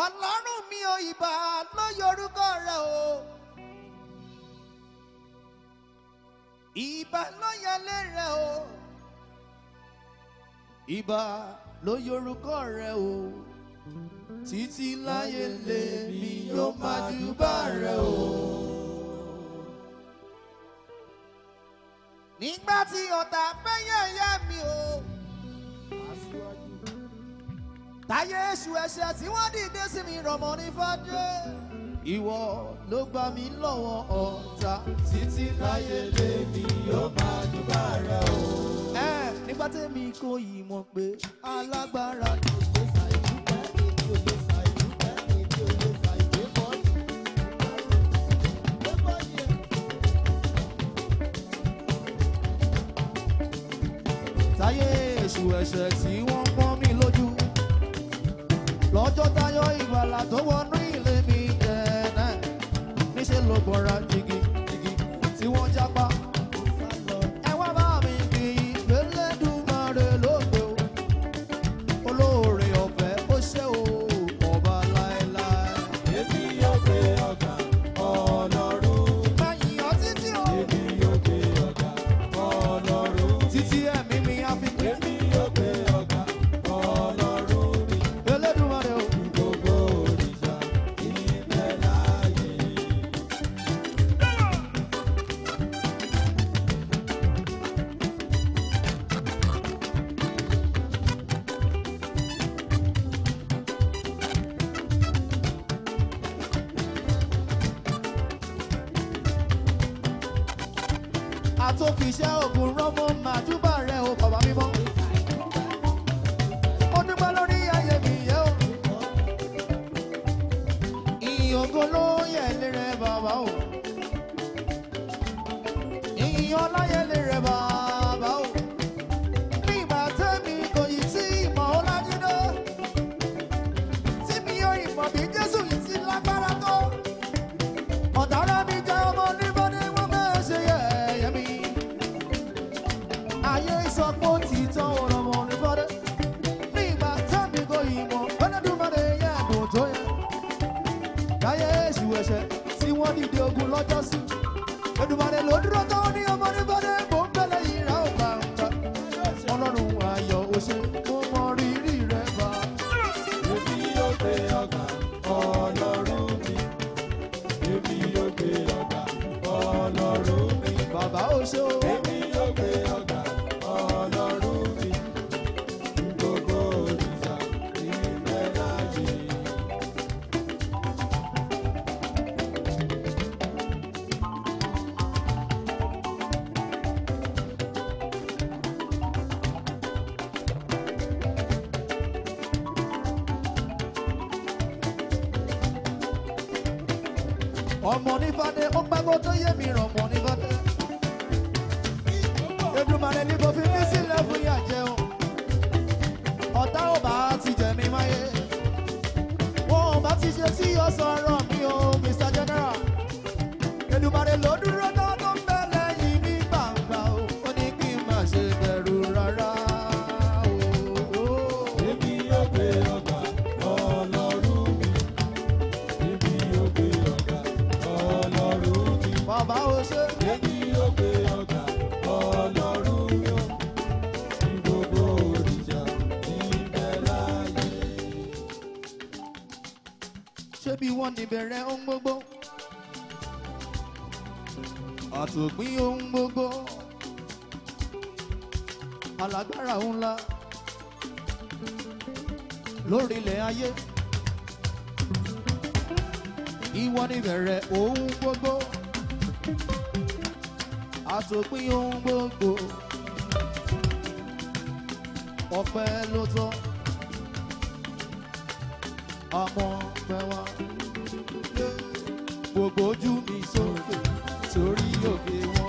ọlọ́run mi ò ìbà ló yorúkọ rẹ o ìbà ló yẹlé rẹ o ìbà ló yorúkọ rẹ o títí láyé lèmi yóò máa júbà rẹ o. nígbà tí ọ̀tá fẹ́ yẹ̀yẹ́ mi o. táyé èṣù ẹ̀ṣẹ̀ tí wọ́n dìde sí mi rọ̀mọ́ ní fàájẹ́ ìwọ ló gbà mí lọ́wọ́ ọ̀tá títí láyé lèmi yóò máa dúpẹ́ rẹ o. ẹ nígbà tẹ́mi kò yí mọ̀ pé alágbára kò lè fà ìdúpẹ́ èmi ò lè fà ìdúpẹ́ èmi ò lè fà ìwé mọ́ ni. táyé èṣù ẹ̀ṣẹ̀ tí wọ́n tó tayọ ìgbàlà tó wọnú ilé mi jẹ náà níṣẹ́ ló gbọ́ra jìgì jìgì tí wọ́n jápa. òde ọ̀dà ọlọ́run mi. bàbá ó níbẹ̀rẹ̀ ohun gbogbo àtòpín ohun gbogbo alágbára ńlá lórí ilẹ̀ ayé ìwọ níbẹ̀rẹ̀ ohun gbogbo àtòpín ohun gbogbo ọpẹ́ ló tọ́ àmọ́ pẹ́ wá gbogbo ojú mi sókè sórí òkè wọn.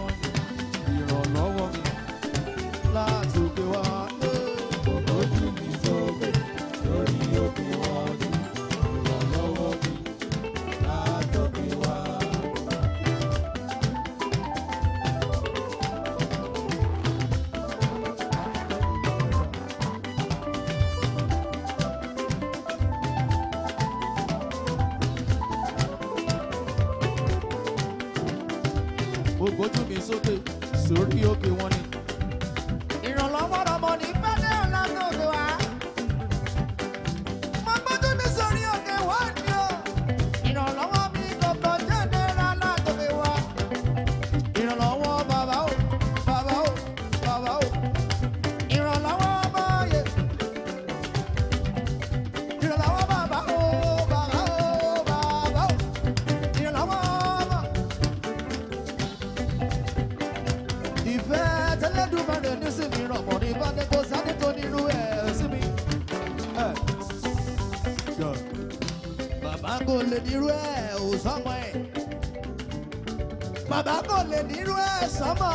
fẹ́ tẹ́lẹ̀dùmarè ní sí mi rọ̀mọ̀ ní bàdé kò sáré tó nírú ẹ̀ sí mi. bàbá kò lè nírú ẹ̀ ò sọ́mọ ẹ̀ bàbá kò lè nírú ẹ̀ sọ́mọ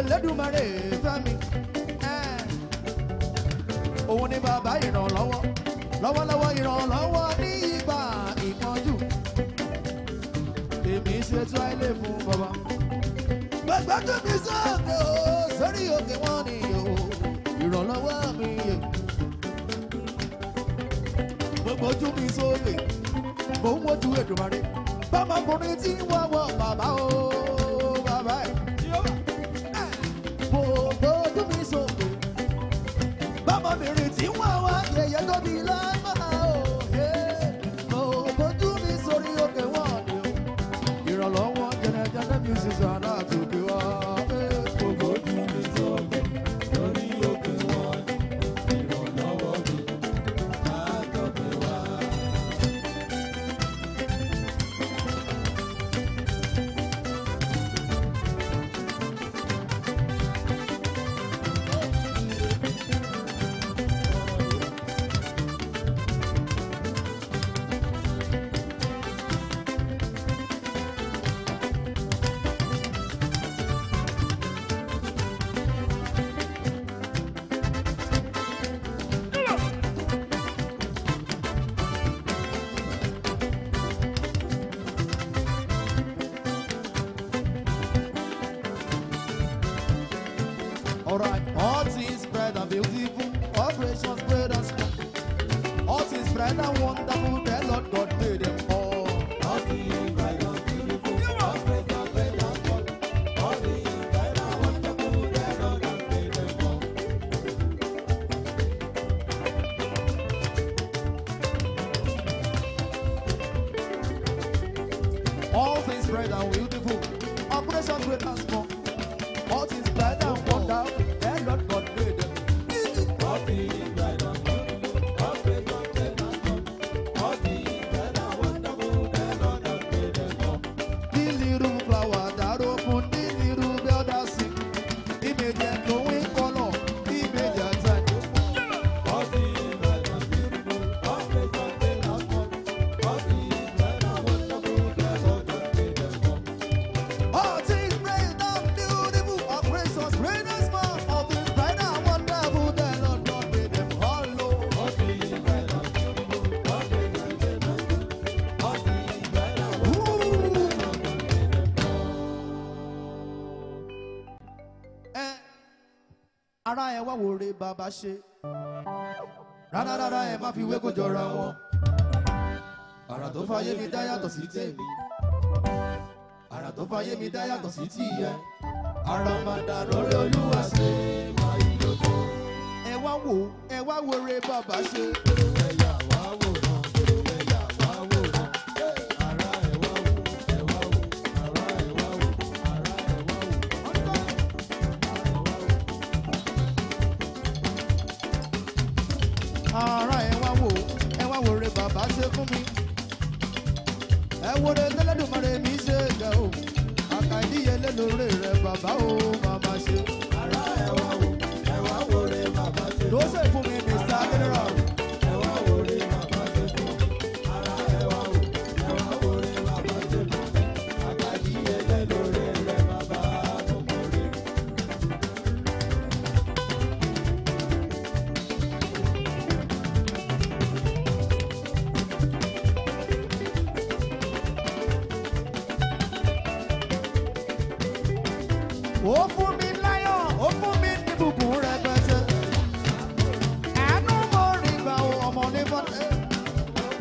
Ẹlẹ́dùmarè fẹ́ mi òun ni bàbá ìrànlọ́wọ́ lọ́wọ́lọ́wọ́ ìrànlọ́wọ́ ní ìgbà ìpọ́njú èmi ṣe tó ilé fún bàbá gbàgbọ́dọ̀ mi sókè o sórí òkè wọn ni o ìrànlọ́wọ́ mi yẹ. gbogbo ojú mi ń wojú Èdùmàrè bàbá o. rárá ẹ wá wòre bàbá ṣe rárá rárá ẹ má fi wéko ra wọn àrà tó fayé mi dá yàtọ̀ sí tèmi àrà tó fayé mi dá yàtọ̀ sí tìyẹ àrà máa dà lórí olúwa ṣe máa yí lóko. ẹ wá wo ẹ wá wòre bàbá ṣe. wòre bàbá ṣe fún mi ẹ wòre tẹlẹdùmarè mi ṣe jẹ o àkàdíyelé lóore rẹ bàbá o màmá ṣe. ara ẹ wá wò ẹ wá wòre bàbá ṣe. ló ṣe fún mi. ó fún mi láyọ̀ ó fún mi ní ó ọmọ ní fọ́tẹ́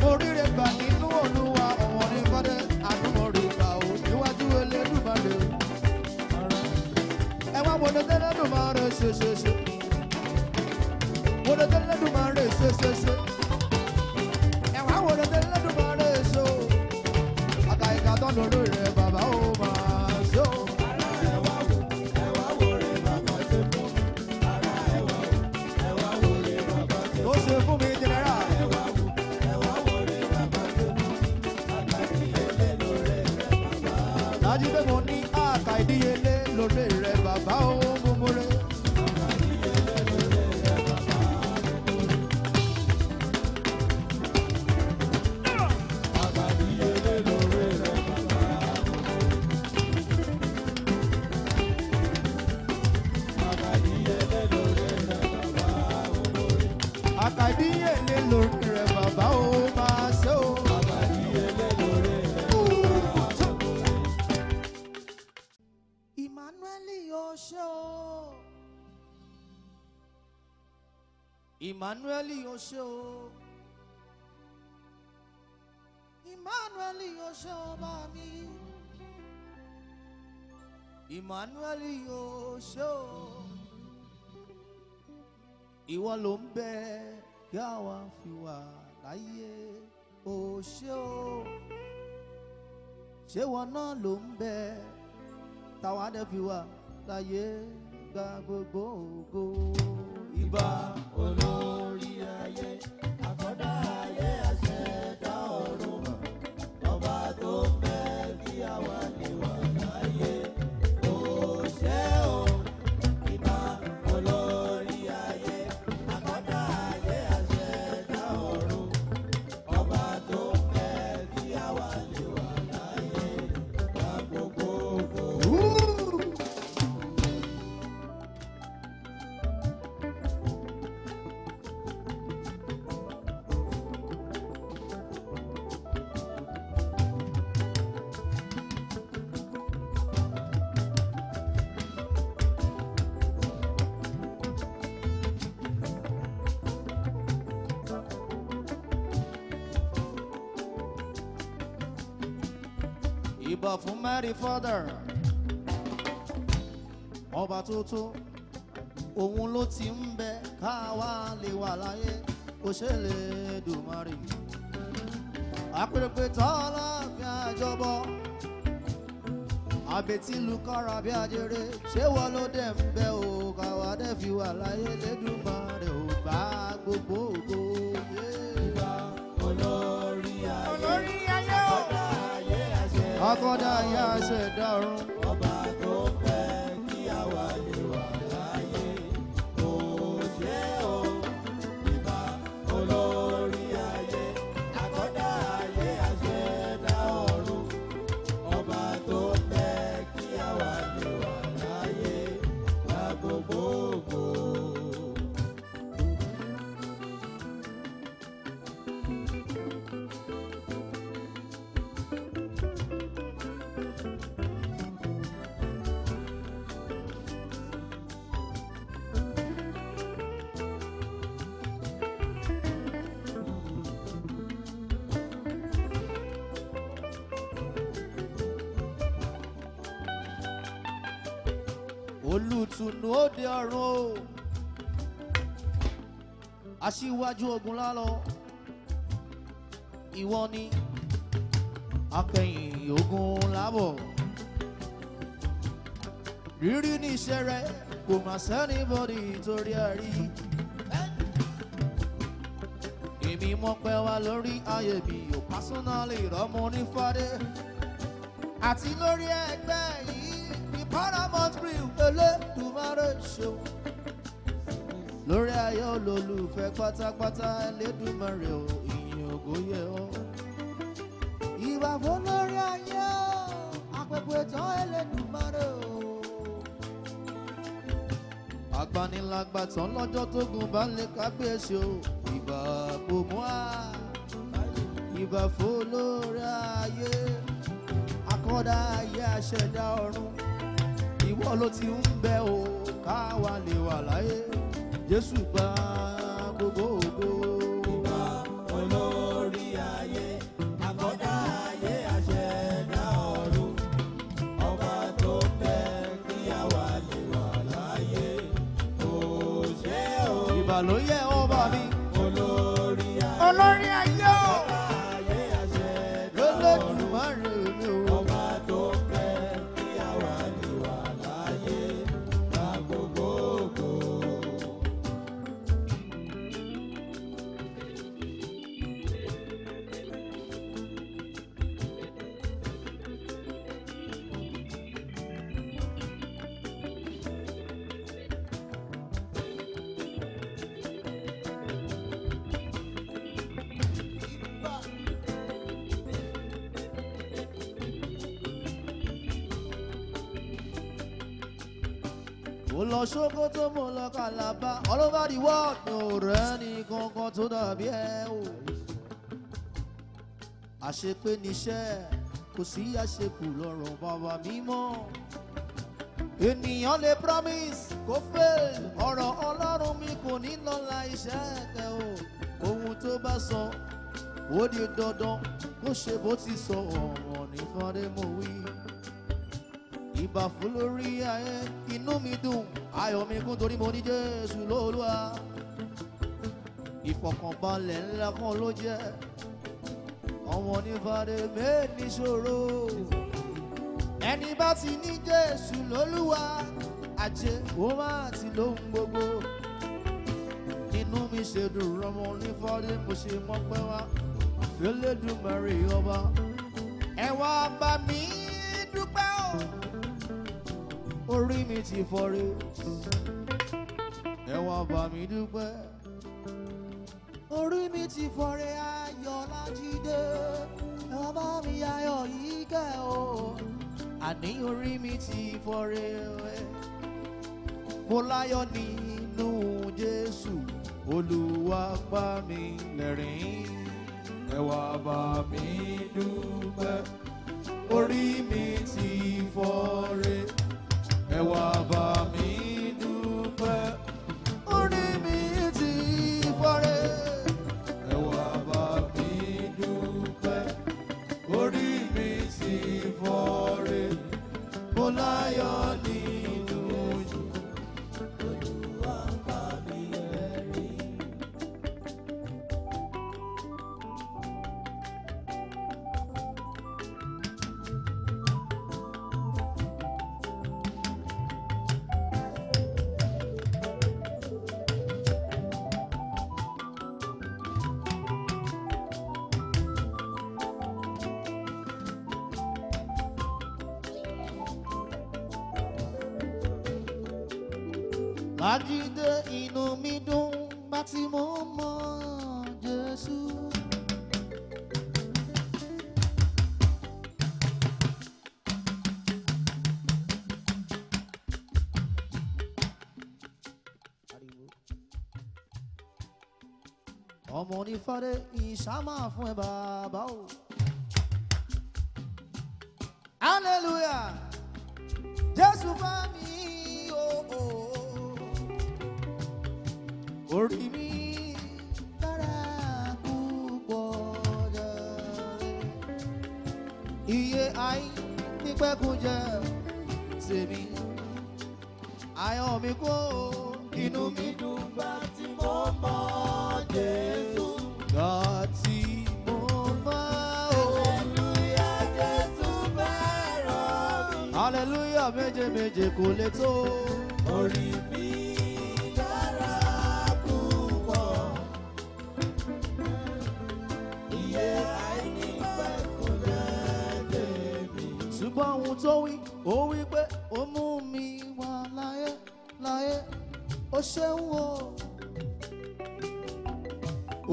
mo ríre gbà nínú olúwa ọmọ ní fọ́tẹ́ àánú mo rí gbà ó níwájú Elédùmarè. ẹ wá wo ni tẹ́lẹ̀dùmarè ṣe ṣe ṣe wo ni tẹ́lẹ̀dùmarè ṣe ṣe ṣe àkàìkà tán lórí rẹ̀ Emmanuel yóò o Emmanuel yóò ṣe o bá mi Emmanuel yóò ṣe o ìwọ ló ń bẹ yá wa fi wà láyé o ṣe o ṣé wọn náà ló ń bẹ gba gbogbo ògo. Ìbà olórí ayé. the father ọba tuntun òun ló ti ń bẹ káwa lè wà láyé òṣèlè dùmarì àpèrèpè tọ́lá fi àjọbọ àbètìlú kọ́ra bí ajere ṣé wọ́n ló dẹ̀ ń bẹ o káwa dẹ̀ fi wà láyé lẹ́dùmarè ò gbà gbogbo ògo yéèyà olórí ayé akọ́dá yá ṣẹ̀dá ọ̀run. ọ̀nù òde ọ̀run o aṣíwájú ogun lálọ ìwọ ni akẹyìn ogun lábọ̀ rírí ní iṣẹ́ rẹ kò má sẹ́ni bọ́dì torí ẹ̀ rí èmi mọ̀ pé wá lórí ayé mi ò pásánálì rọ́mọ onífádé àti lórí ẹgbẹ́ yìí ìpara april Elédùmarè ṣeun lórí ayé olólùfẹ́ pátápátá Elédùmarè o ìyìn ògo yẹ ọ́. ìbà fún lórí ayé àpèpè tán Elédùmarè o. agbanilágbà tán lọ́jọ́ tó gùn bá lè kábíyèsí o ìbà gbogbo á ìbà fún lórí ayé akọ́dá ayé àṣẹdá ọ̀run ìwọ ló ti ń bẹ o káwa lè wà láyé Jésù gba gbogbo ògo. mo lọ Sókótó mo lọ Kàlàbá all over the world mi ò rẹ́ni kankan tó dàbí ẹ o. àṣepé níṣẹ́ kò sí àṣekù lọ́rọ̀ bàbá mímọ́. ènìyàn lè promise kó fail ọ̀rọ̀ ọlọ́run mi kò ní lọ́la iṣẹ́ tẹ o. ohun tó bá sọ ó di dandan kó ṣe bó ti sọ ọ̀rọ̀ nífọ̀dé mo wí bà fún lórí ayé inú mi dùn ayọ̀ mi kún torí mo ní Jésù lóluwà ìfọ̀kànbalẹ̀ ńlá kan ló jẹ́ ọmọ nífàdé méèní ṣòro ẹni bá ti ní Jésù lóluwà àjẹ ó máa ti lóhun gbogbo inú mi ṣe dùn rọmọ nífàdé mo ṣe mọ́pẹ́ wá fẹ́lẹ́dùmarè ọba ẹ wá bá mi orí mi ti fọ́re ẹ wá bá mi dúpẹ́ orí mi ti fọ́re Ayọ̀lájídé ẹ wá bá mi ayọ̀ yìí kẹ́ o àní orí mi ti fọ́re mo láyọ̀ nínú Jésù Olúwa bá mi lẹ́rìn ẹ wá bá mi dúpẹ́ orí mi ti fọ́re. é o Abba minha. ọmọ onífádé ìṣámà fún ẹ bàbá o. hallelujah jésù fẹ́ mi o o orí mi. dára púpọ̀ iye ayé nípẹ́kùn jẹ́ mi kó inú mi dùn bá ti mọ́ mọ́ méje méje kò lè tó. orí mi dára púpọ̀ iye àìnígbà kò lẹ́dẹ̀ mi. ṣùgbọ́n ohun tó wí ó wí pé ó mú mi wá láyé láyé ó ṣeun o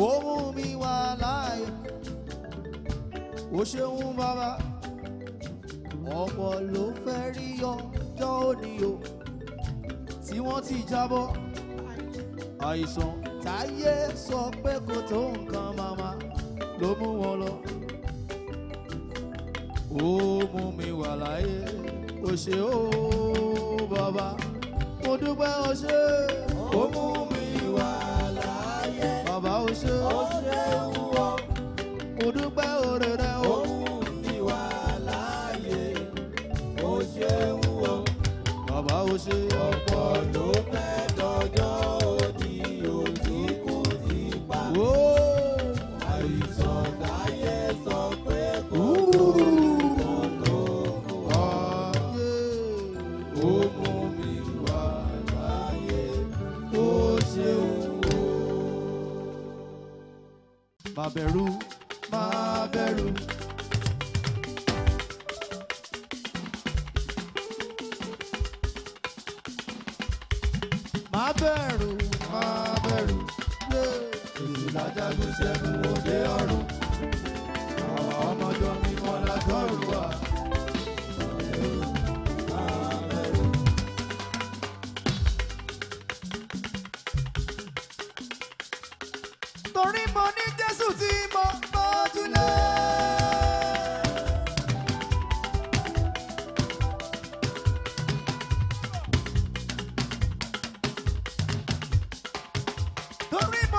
ó mú mi wá láàyè ó ṣeun bàbá ọ̀pọ̀ ló fẹ́ rí ọjọ́ òní o tí wọ́n ti jábọ́ àìsàn táyé sọ pé kò tó nǹkan màmá ló mú wọn lọ ó mú mi wà láàyè ó ṣe ó bàbá mo dúpẹ́ ó ṣe mi ṣe ó ṣe wù ọ́. Mo dúpẹ́ oore rẹ o. Ó wù mí wà láàyè, ó ṣe wù bàbẹ̀rù. Hurry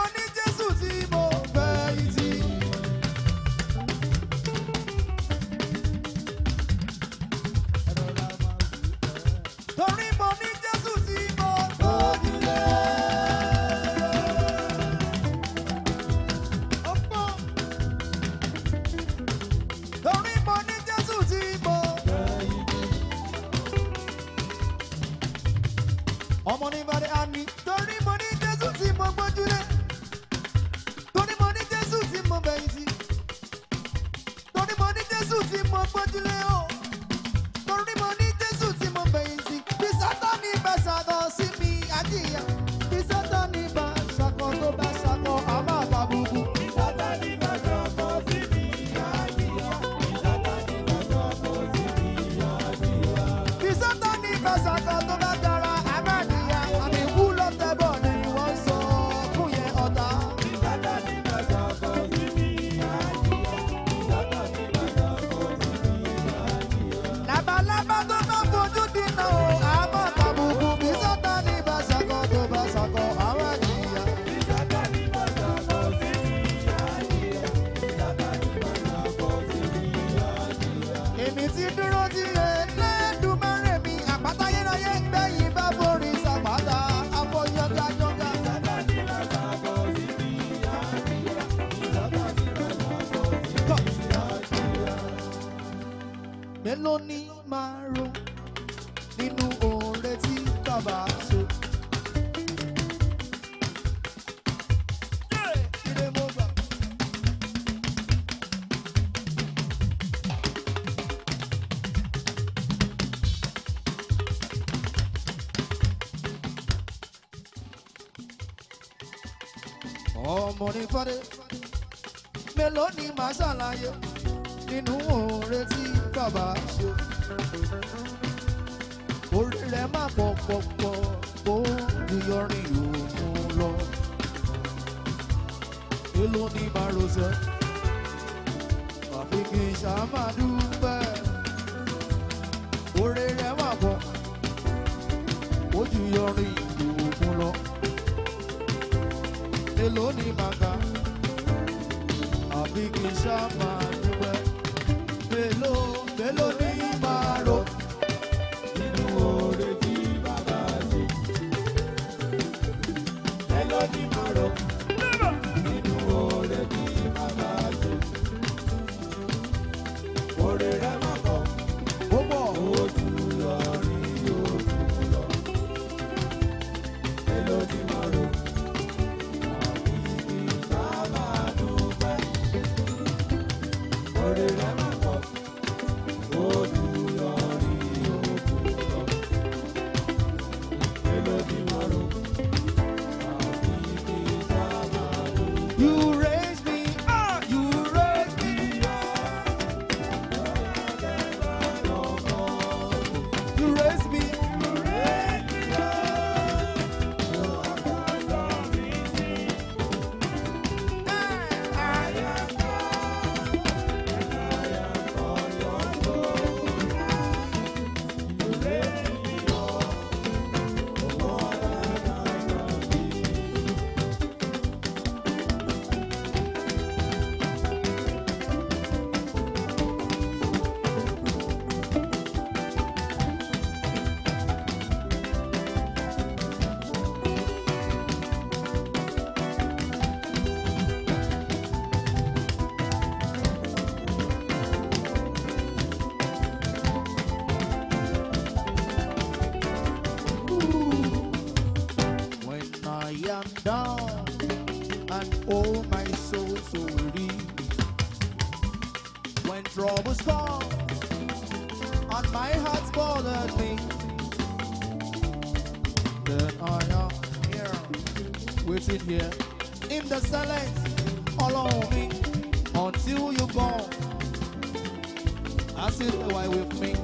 excellent ọlọ́run mi until you gone. I see "Why with me.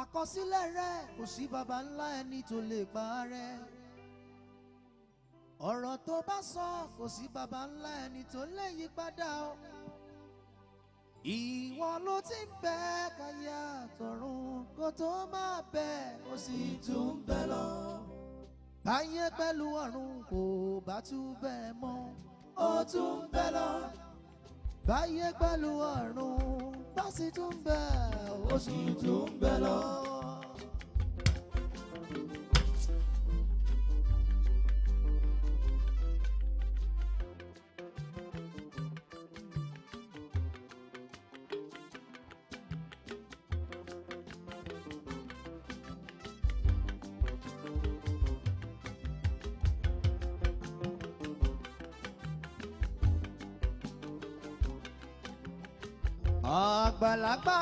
àkọsílẹ̀ rẹ kò sí baba ńlá ẹni tó lè pa rẹ ọ̀rọ̀ tó bá sọ kò sí baba ńlá ẹni tó lè yí padà o ìwọ ló ti ń bẹ káyà tọ̀run kó tó máa bẹ ó sì tún bẹ lọ báyé pẹ̀lú ọ̀run kò bá tún bẹ mọ́ ó tún bẹ lọ báyé pẹ̀lú ọ̀run bá sì tún bẹ̀ ó sì tún bẹ̀ lọ.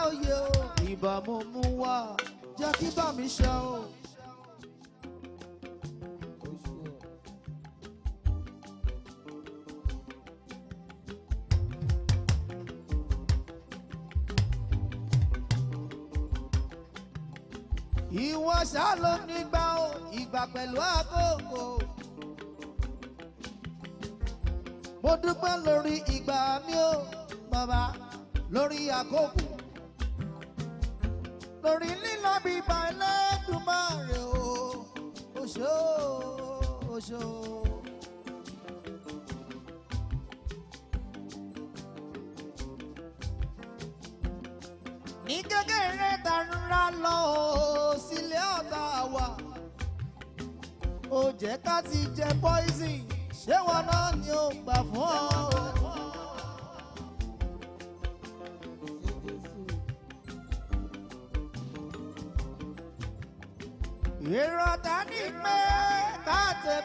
òye o ìbà mo mú wá jẹ́ kí bá mi ṣe o. ìwọ ṣáàló nígbà o ìgbà pẹ̀lú àkókò. mo dúpẹ́ lórí ìgbà mi o bàbá lórí àkókò lórí lílọ bíbá Ẹlẹ́dùmarè o oṣó oṣó. ní kékeré tanura lọ sílé ọ̀tá wa ó jẹ́ ká ti jẹ poison ṣé wọn náà ni ó gbà fún ọ. Sebi ta ní pé tá a tẹ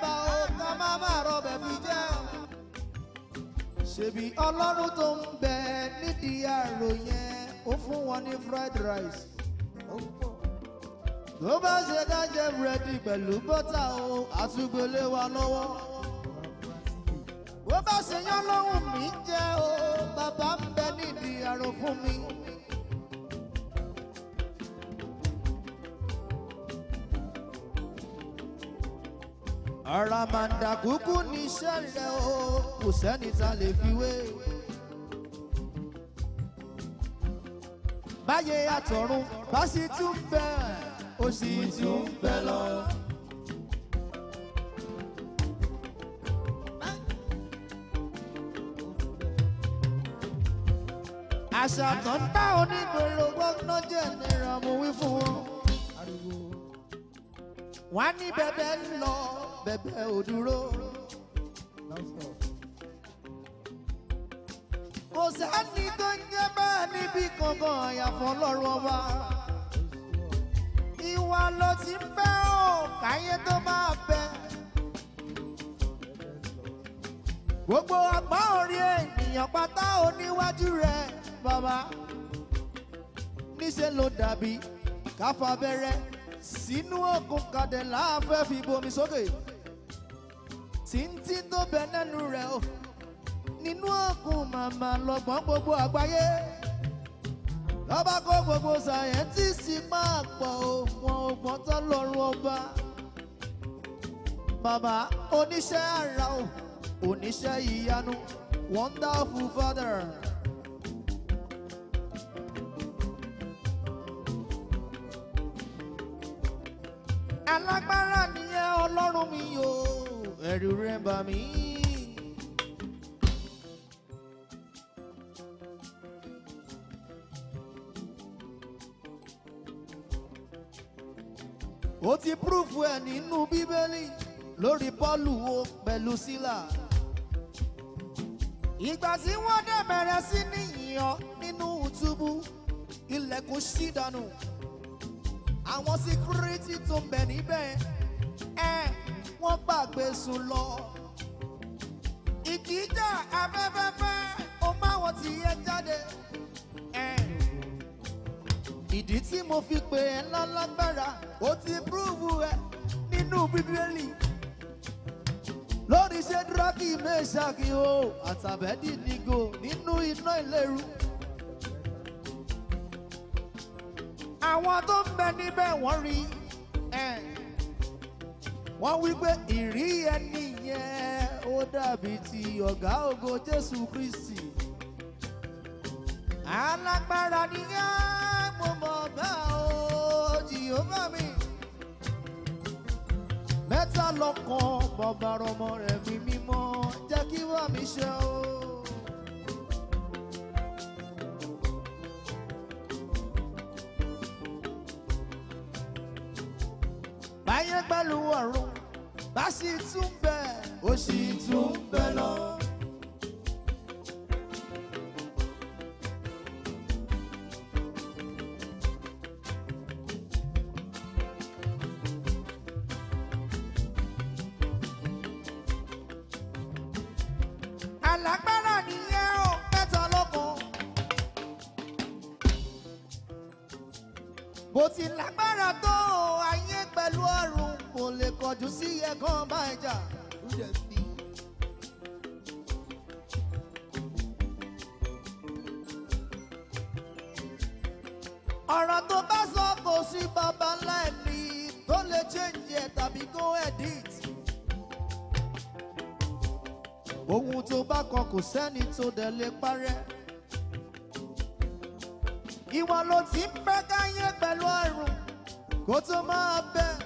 ọlọ́run tó ń bẹ nídìí àrò yẹn ó fún wọn ní fried rice tó bá ṣe ká jẹ búrẹ́dì pẹ̀lú bọ́tà o àtúgbélé wa lọ́wọ́ bó bá ṣe yán lóhùn mi jẹ́ o bàbá ń bẹ nídìí àrò fún mi. àràmàǹdà kúkú níṣẹ́ rẹ̀ o kò sẹ́ni ta lè fi wé. báyé àtọ̀run bá sì tún bẹ ó sì tún bẹ lọ. àṣà tó ń bá onígboro gbọ́ngàn jẹ́ nira mo wí fún wọn. wọ́n á ní bẹ́ẹ̀ bẹ́ẹ̀ lọ bẹ̀bẹ̀ ò dúró. kò sẹ́ni tó ń jẹ́ bẹ́ẹ̀ níbi kankan àyàfọ́ lọ́rùn ọba. ìwà ló ti ń bẹ́ ò káyé tó máa bẹ. gbogbo àgbá orí ènìyàn pátá oníwájú rẹ̀ bàbá níṣẹ́ ló dàbí káfa abẹ́rẹ́ sínú òkun kàdé láàfẹ́ fi bomi sókè. Okay títí tó bẹ lẹ́nu rẹ̀ o nínú ọ̀gùn màmá lọ́gbọ́n gbogbo àgbáyé lọ́ba kó gbogbo sàyẹ́ntìsì máa pọ̀ o wọn ò gbọ́n tán lọ́rùn ọba bàbá oníṣẹ́ àrà o oníṣẹ́ ìyanu wonderful father. alágbára nìyẹn ọlọ́run mi yòó ẹ̀rù rẹ̀ bà mí. ó ti púrúfù ẹ̀ nínú bíbélì lórí Pọ́ọ̀lù o pẹ̀lú Sílà. ìgbà tí wọ́n dẹ̀ bẹ̀rẹ̀ sí ní yíyan nínú túbú ilẹ̀kùn ṣí dànù àwọn síkírítì tó ń bẹ níbẹ̀ ẹ̀ wọ́n gbàgbé sùn lọ. ìkìjà afẹ́fẹ́fẹ́ ó má wọ́n ti yẹ jáde. ìdí tí mo fi pè ẹ́ lálágbára ó ti púrúfù ẹ nínú bíbélì. lórí ṣẹ́dúrákì mẹ́ṣáàkì o àtàbẹ́dì nígò nínú iná ìléru. àwọn tó ń bẹ níbẹ̀ wọ́n rí wọ́n wí pé ìrí ẹni yẹn ó dàbí ti ọ̀gá ògo Jésù Kristi alágbára nìyẹn mo mọ̀ bẹ́ẹ̀ o Jèhófà mi mẹ́ta lọ́kàn bàbá ọmọ rẹ̀ mi mímọ́ jẹ́ kí wà mí ṣe o. báyẹn pẹ̀lú ọ̀run bá sì tún bẹ̀ ó sì tún bẹ̀ lọ. bó ti lágbára tó ayé pẹ̀lú ọ̀run kò lè kọjú sí ẹ̀kan bá ìjà lóde bí. ọ̀rọ̀ tó bá sọ kò sí bàbá ńlá tó lè change ẹ̀ tàbí kó edit. ohun tó bá kọ kò sẹ́ni tó dẹ̀ lè parẹ́. ìwọ ló ti ń pẹ́ káyé pẹ̀lú ẹ̀rù kó tó máa bẹ́ẹ̀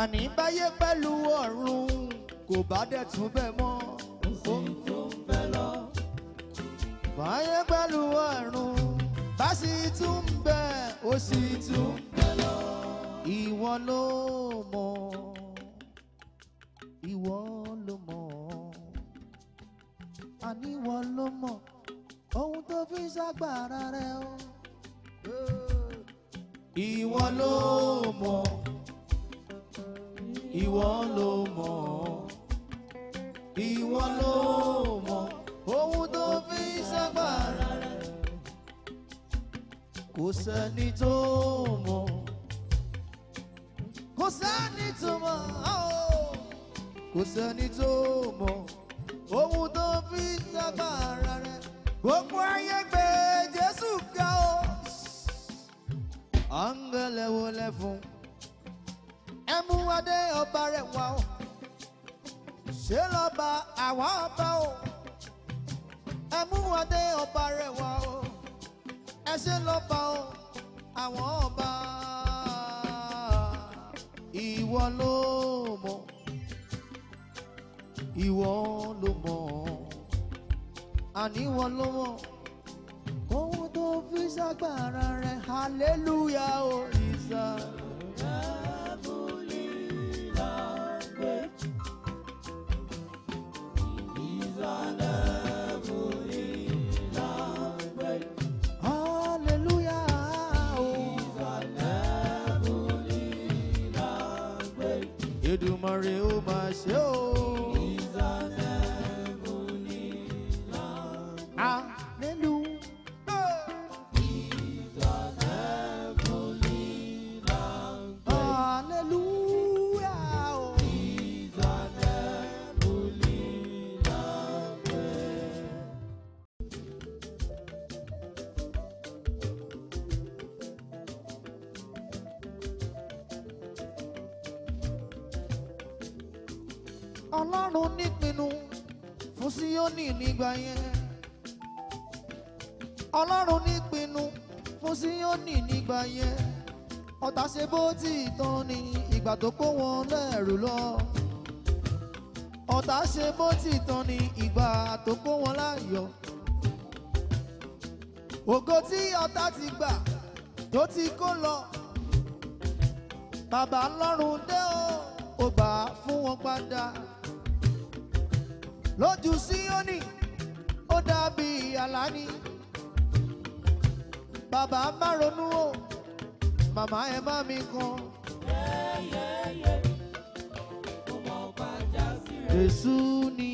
àní báyé pẹ̀lú ọ̀run kò bá dẹ̀ tún bẹ́ẹ̀ mọ́. ó sì tún bẹ́ lọ. báyé pẹ̀lú ọ̀run bá sì tún bẹ́ ó sì tún bẹ́ lọ. ìwọ ló mọ̀ ìwọ ló mọ̀ àní ìwọ ló mọ̀ ohun tó fi ṣàgbára rẹ o. ìwọ ló mọ̀ ìwọ ló mọ̀ ìwọ ló mọ̀ ohun tó fi ṣàgbára rẹ̀ kò sẹ́ni tó mọ̀ kò sẹ́ni tó mọ̀ kò sẹ́ni tó mọ̀ ohun tó fi ṣàgbára rẹ̀ gbogbo ayé gbé Jésù ga o. Angele wo fún. Ẹmúwadé ọba rẹ̀ wá o ṣé lọ́ba àwa ọba o Ẹmúwadé ọba rẹ̀ wá o ẹ ṣé lọ́ba o àwọn ọba ìwọ ló mọ̀ ìwọ ló mọ̀ àníwọ ló mọ̀ kówó tó fi ságbára rẹ̀ hallelujah o ìsà. Oh, ọlọ́run nípinnu fún Síónì nígbà yẹn ọlọ́run nípinnu fún Síónì nígbà yẹn ọ̀tá ṣe bó ti tán ni ìgbà tó kó wọn lẹ́rù lọ ọ̀tá ṣe bó ti tán ni ìgbà tó kó wọn láyọ̀ ògo tí ọ̀tá ti gbà tó ti kó lọ bàbá lọ́run dé o ò gbà fún wọn padà lójú síónì ó dàbí àlàní bàbá má ronú o màmá ẹ má mi kan. yẹ́yẹ́yẹ́ ó mọ̀ Jésù ni.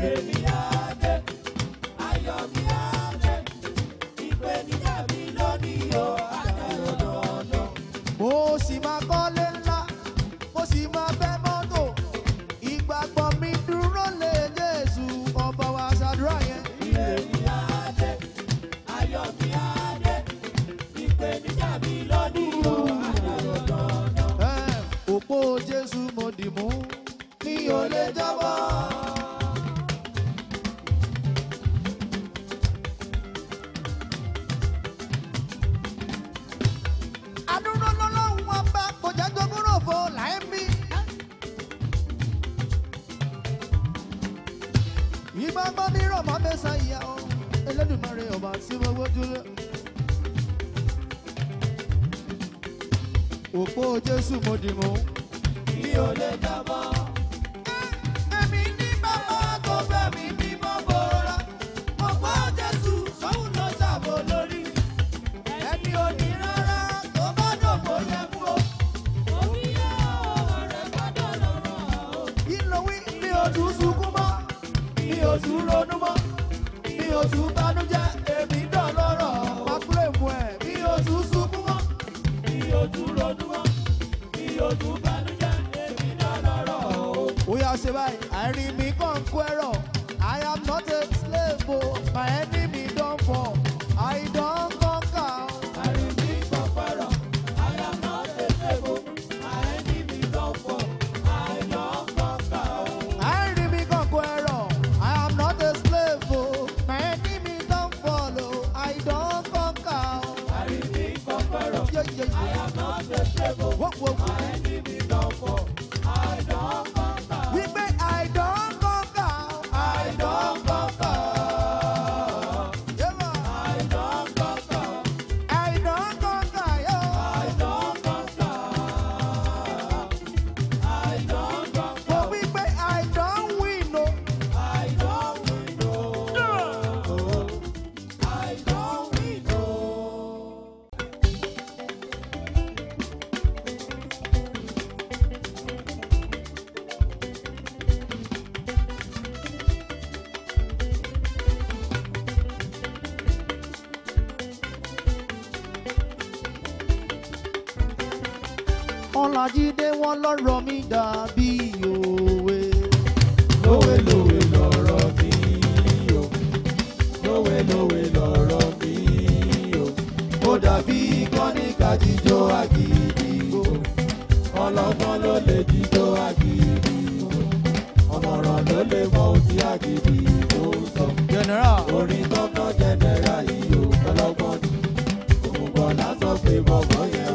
baby. jésù mo dì mú. ojú bànújẹ́ èmi náà lọ́rọ̀ o. ó yá ṣe báyìí àárín mi kàn ń kó ẹ̀rọ. jíjó àgídìgbò ọlọ́gbọ́n ló lè jíjó àgídìgbò ọ̀mọ̀ràn ló lè mọ ohun tí sọ. orin tọ́kọ́ jẹnẹra yìí ò ni òmùgọ̀ lásán pé mọ̀gbọ́n yẹn ò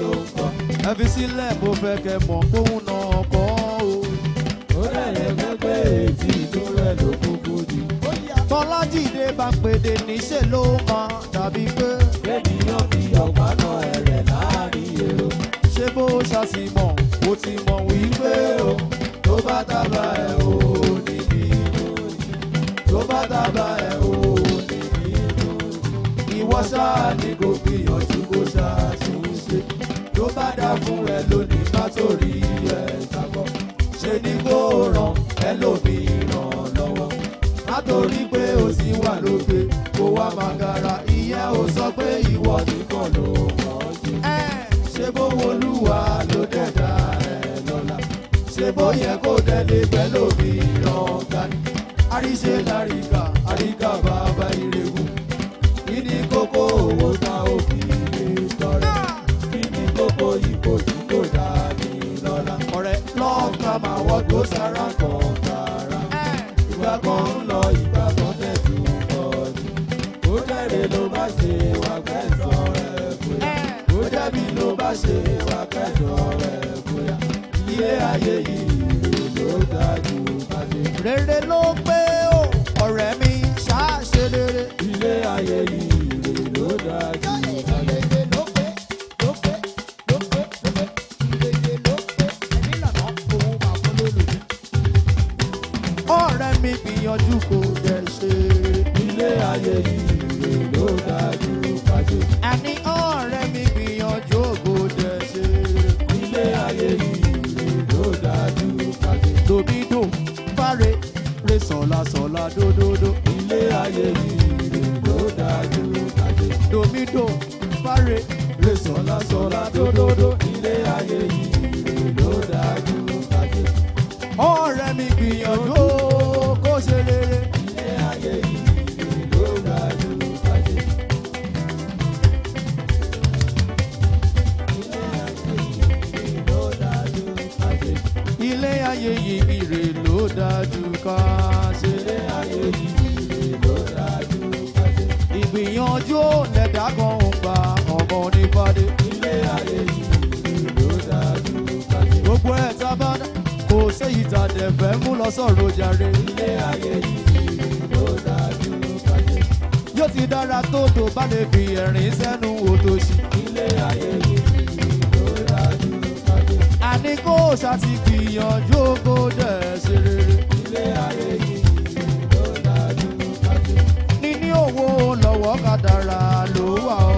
ló ń kọ́. ẹ fi sílẹ̀ mo fẹ́ kẹ́ mọ̀ póun náà kọ́ o. ó dẹ̀ lè fẹ́ ìdúró ẹ̀ ló kúkú di. tọ́lájì dé bá pèdè níṣẹ́ ló máa. taba ẹ o níbi inú tó bá o níbi inú ìwọ sáà ní kò gbìyànjú kó sáà sí í ṣe tó bá dá fún ẹ lónìí má torí ẹ takọ ṣe ni kó ràn o sì wà lókè kó ó yẹ kó tẹ̀lé pẹ̀lú mi ràn tani. àríṣe láríkà àríkà bàbá ìrẹ̀gùn kí ni kókó owó ta òfin lè tọrẹ kí ni kókó ipò tí kò dá ní lọ́la. ọ̀rẹ́ lọ́ọ̀ká máa wọ́ tó sára kan tààrà ìgbà kan ń lọ ìgbà kan tẹ̀sí ọdún ó jẹ́rè ló bá ṣe wà kẹsàn-án rẹ̀ fòyà ó jẹ́bi ló bá ṣe wà kẹsàn-án rẹ̀ fòyà ilé ayé yìí rere ló pé o ọ̀rẹ́ mi ṣáà ṣe rere. ilé ayé yìí. dídò fáre sola, sọ̀lá sọ̀lá do. séyìí tá a dẹ̀ fẹ́ mú lọ sọ̀rọ̀ jàre. ilé ayé yìí ló dájú kájé. yóò ti dára tó tó bá lè fi ẹ̀rín sẹ́nu wò tó ṣe. ilé ayé yìí ló dájú kájé. àní kó o ṣàti gbìyànjú kó dẹ̀ ṣe rere. ilé ayé yìí ló dájú kájé. níní owó lọ́wọ́ kádàrá ló wà ó.